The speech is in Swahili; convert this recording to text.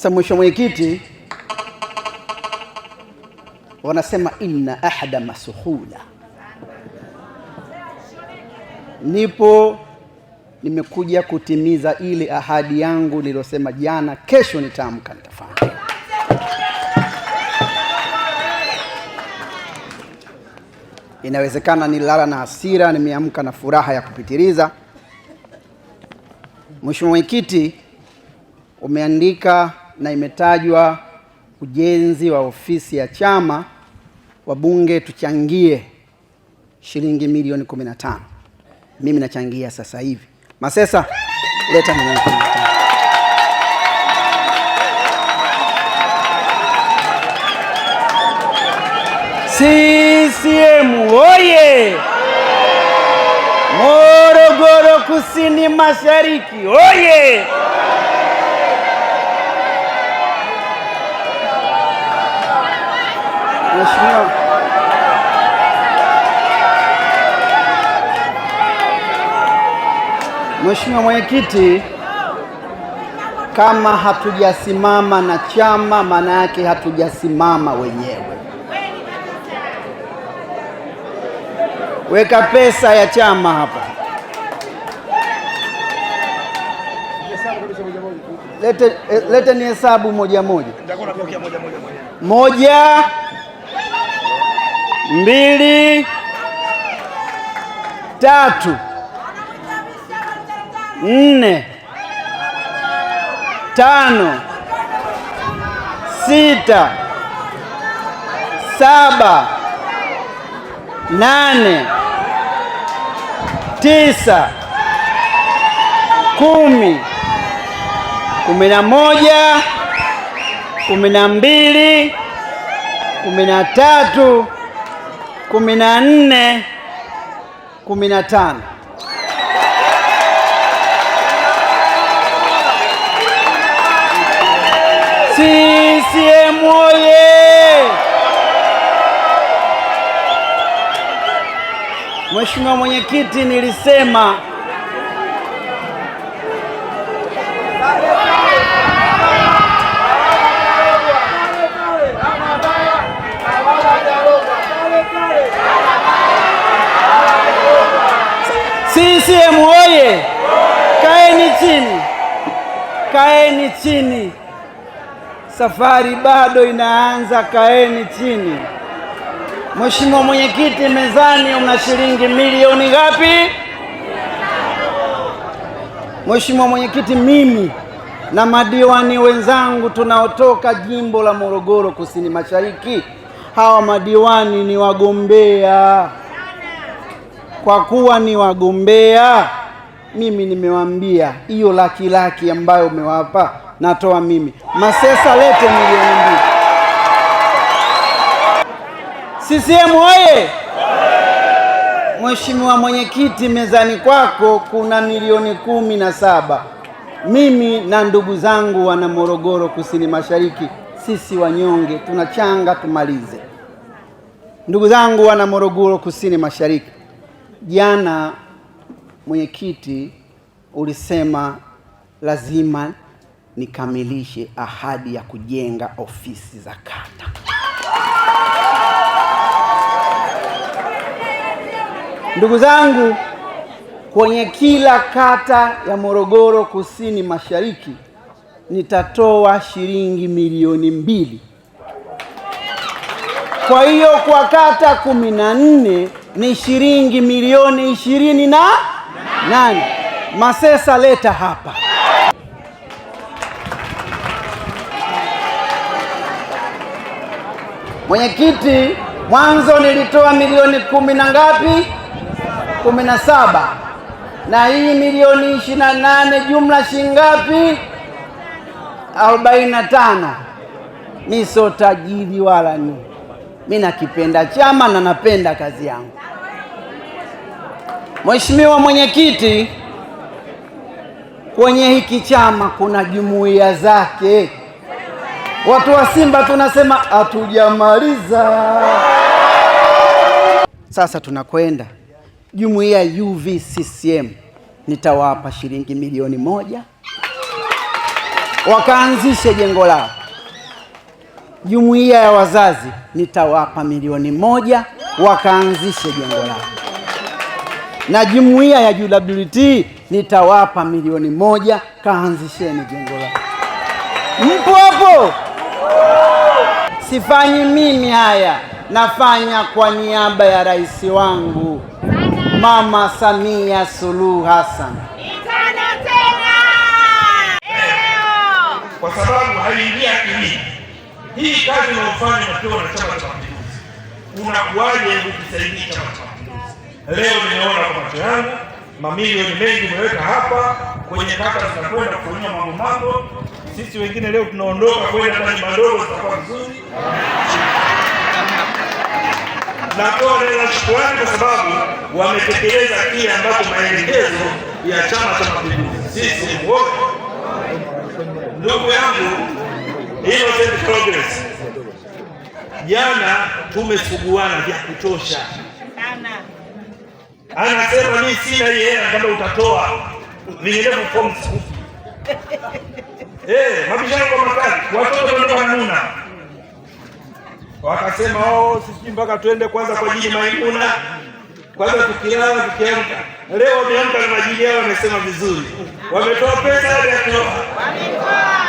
Sasa mwisho mwenyekiti, wanasema inna ahada masuhula. Nipo nimekuja kutimiza ile ahadi yangu niliyosema jana, kesho nitaamka nitafanya. Inawezekana nilala na hasira, nimeamka na furaha ya kupitiliza. Mheshimiwa Mwenyekiti, umeandika na imetajwa ujenzi wa ofisi ya chama, wabunge tuchangie shilingi milioni 15. Mimi nachangia sasa hivi. Masesa, leta milioni 15. CCM oye! Morogoro Kusini Mashariki oye! Mheshimiwa Mwenyekiti, kama hatujasimama na chama, maana yake hatujasimama wenyewe. Weka pesa ya chama hapa, lete lete, ni hesabu moja moja moja, mbili, tatu nne, tano, sita, saba, nane, tisa, kumi, kumi na moja, kumi na mbili, kumi na tatu, kumi na nne, kumi na tano. CCM oye! Mheshimiwa Mwenyekiti, nilisema CCM oye! Kaeni chini, kaeni chini safari bado inaanza. Kaeni chini. Mheshimiwa Mwenyekiti, mezani una shilingi milioni ngapi? Mheshimiwa Mwenyekiti, mimi na madiwani wenzangu tunaotoka jimbo la Morogoro Kusini Mashariki, hawa madiwani ni wagombea. Kwa kuwa ni wagombea, mimi nimewambia hiyo laki laki ambayo umewapa natoa mimi. Masesa lete milioni mbili. CCM oye! Mheshimiwa mwenyekiti, mezani kwako kuna milioni kumi na saba. Mimi na ndugu zangu wana Morogoro Kusini Mashariki, sisi wanyonge tunachanga tumalize. Ndugu zangu wana Morogoro Kusini Mashariki, jana mwenyekiti ulisema lazima nikamilishe ahadi ya kujenga ofisi za kata. Ndugu zangu, kwenye kila kata ya Morogoro Kusini Mashariki nitatoa shilingi milioni mbili. Kwa hiyo kwa kata kumi na nne ni shilingi milioni ishirini na nane. Masesa, leta hapa. Mwenyekiti, mwanzo nilitoa milioni kumi na ngapi? kumi na saba na hii milioni ishirini na nane jumla shingapi? arobaini na tano. Mi sio tajiri wala ni mi nakipenda chama na napenda kazi yangu. Mheshimiwa Mwenyekiti, kwenye hiki chama kuna jumuiya zake Watu wa Simba tunasema hatujamaliza. Sasa tunakwenda jumuiya UVCCM, nitawapa shilingi milioni moja wakaanzishe jengo lao. Jumuiya ya wazazi nitawapa milioni moja wakaanzishe jengo lao, na jumuiya ya UWT nitawapa milioni moja kaanzisheni jengo lao. Mpo hapo? Sifanyi mimi haya, nafanya kwa niaba ya rais wangu Mama Samia Suluhu Hassan, kwa sababu haiingii akilini hii kazi unaofanya ukiwa na Chama cha Mapinduzi, unakuwaje ukisaidia Chama cha Mapinduzi? Leo nimeona kwa macho yangu mamilioni mengi umeweka hapa kwenye kata zinakwenda kufanyia mambo mambo sisi wengine leo tunaondoka kwenda nyumba ndogo, zitakuwa vizuri na kolela shukrani kwa sababu wametekeleza kile ambacho maelekezo ya Chama cha Mapinduzi. Sisi wote ndugu yangu, ni progress, jana tumesuguana vya kutosha. Anasema mimi sina hela, kama utatoa vinginevyo form Eh, mabishano kwa makali, watoto ndio wanuna. Wakasema oh, sisi mpaka twende kwanza kwa ajili Maimuna. Kwanza tukilala tukiamka. Leo wameamka na majili yao wamesema vizuri. Wametoa pesa ya atoa. Wametoa.